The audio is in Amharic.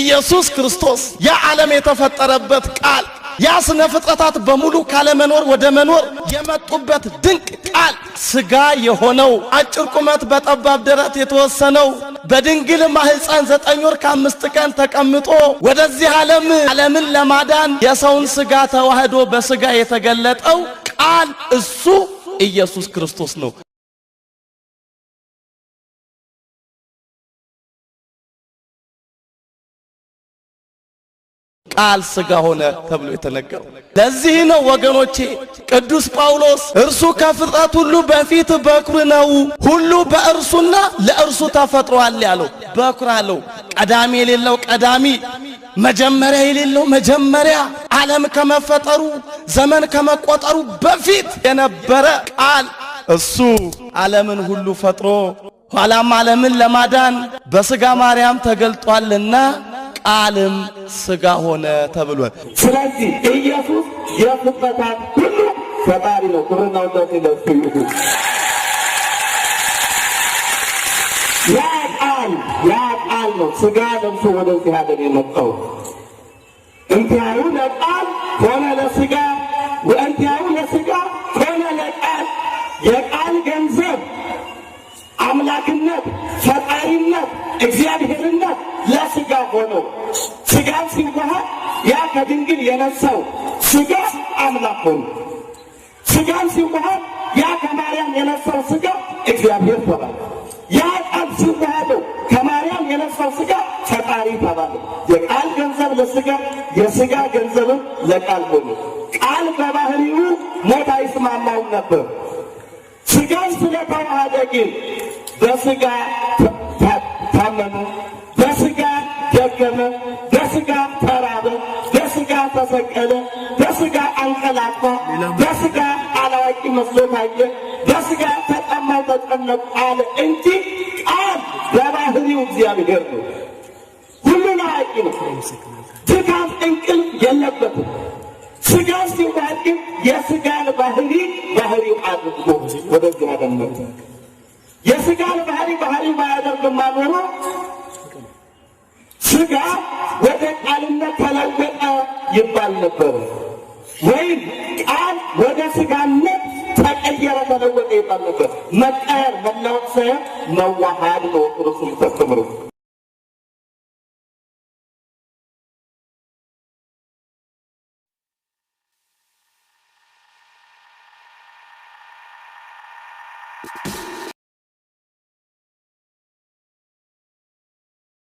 ኢየሱስ ክርስቶስ ያ ዓለም የተፈጠረበት ቃል ያ ስነ ፍጥረታት በሙሉ ካለመኖር ወደ መኖር የመጡበት ድንቅ ቃል ስጋ የሆነው አጭር ቁመት በጠባብ ደረት የተወሰነው በድንግል ማህፀን ዘጠኝ ወር ከአምስት ቀን ተቀምጦ ወደዚህ ዓለም ዓለምን ለማዳን የሰውን ስጋ ተዋህዶ በስጋ የተገለጠው ቃል እሱ ኢየሱስ ክርስቶስ ነው። ቃል ሥጋ ሆነ ተብሎ የተነገረው። ለዚህ ነው ወገኖቼ ቅዱስ ጳውሎስ እርሱ ከፍጥረት ሁሉ በፊት በኩር ነው፣ ሁሉ በእርሱና ለእርሱ ተፈጥሯል ያለው። በኩር አለው ቀዳሚ የሌለው ቀዳሚ መጀመሪያ የሌለው መጀመሪያ ዓለም ከመፈጠሩ ዘመን ከመቆጠሩ በፊት የነበረ ቃል እሱ ዓለምን ሁሉ ፈጥሮ ኋላም ዓለምን ለማዳን በሥጋ ማርያም ተገልጧልና ቃልም ስጋ ሆነ ተብሏል። ስለዚህ ኢየሱስ የፍጥረታት ሁሉ ፈጣሪ ነው። ክብርና ውዳሴ ለእሱ ይሁን። ያ ቃል ያ ቃል ነው ስጋ ለብሶ ወደዚህ ሀገር የመጣው። እንቲያዩ ለቃል ሆነ ለስጋ ወእንቲያዩ ለስጋ ሆነ ለቃል የቃል ገንዘብ አምላክነት፣ ፈጣሪነት፣ እግዚአብሔርነት ለስጋ ሆኖ ስጋን ሲዋሃድ ያ ከድንግል የነሳው ስጋ አምላክ ሆኖ ስጋን ሲዋሃድ ያ ከማርያም የነሳው ስጋ እግዚአብሔር ተባለ። ያ ቃል ሲዋሃደው ከማርያም የነሳው ስጋ ፈጣሪ ተባለ። የቃል ገንዘብ ለስጋ የስጋ ገንዘብም ለቃል ሆኖ ቃል በባህሪው ሞት አይስማማውም ነበር። ስጋን ስለተዋሃደ ግን በስጋ ታመኑ ተረገመ፣ በስጋ ተራበ፣ በስጋ ተሰቀለ፣ በስጋ አንቀላፋ፣ በስጋ አላዋቂ መስሎ ታየ፣ በስጋ ተጠማው ተጨነቁ አለ እንጂ ቃል በባህሪው እግዚአብሔር ነው። ሁሉን አዋቂ ነው። ድካም እንቅልፍ የለበትም። ስጋ ሲዋጅብ የስጋን ባህሪ ባህሪው አድርጎ ወደዚህ አደመጠ። የስጋን ባህሪ ባህሪው ባያደርግማ ኖሮ ስጋ ወደ ቃልነት ተለወጠ ይባል ነበር። ወይም ቃል ወደ ስጋነት ተቀየረ ተለወጠ ይባል ነበር። መቀየር መለወጥ ሳይሆን መዋሃድ ነው ኦርቶዶክስ you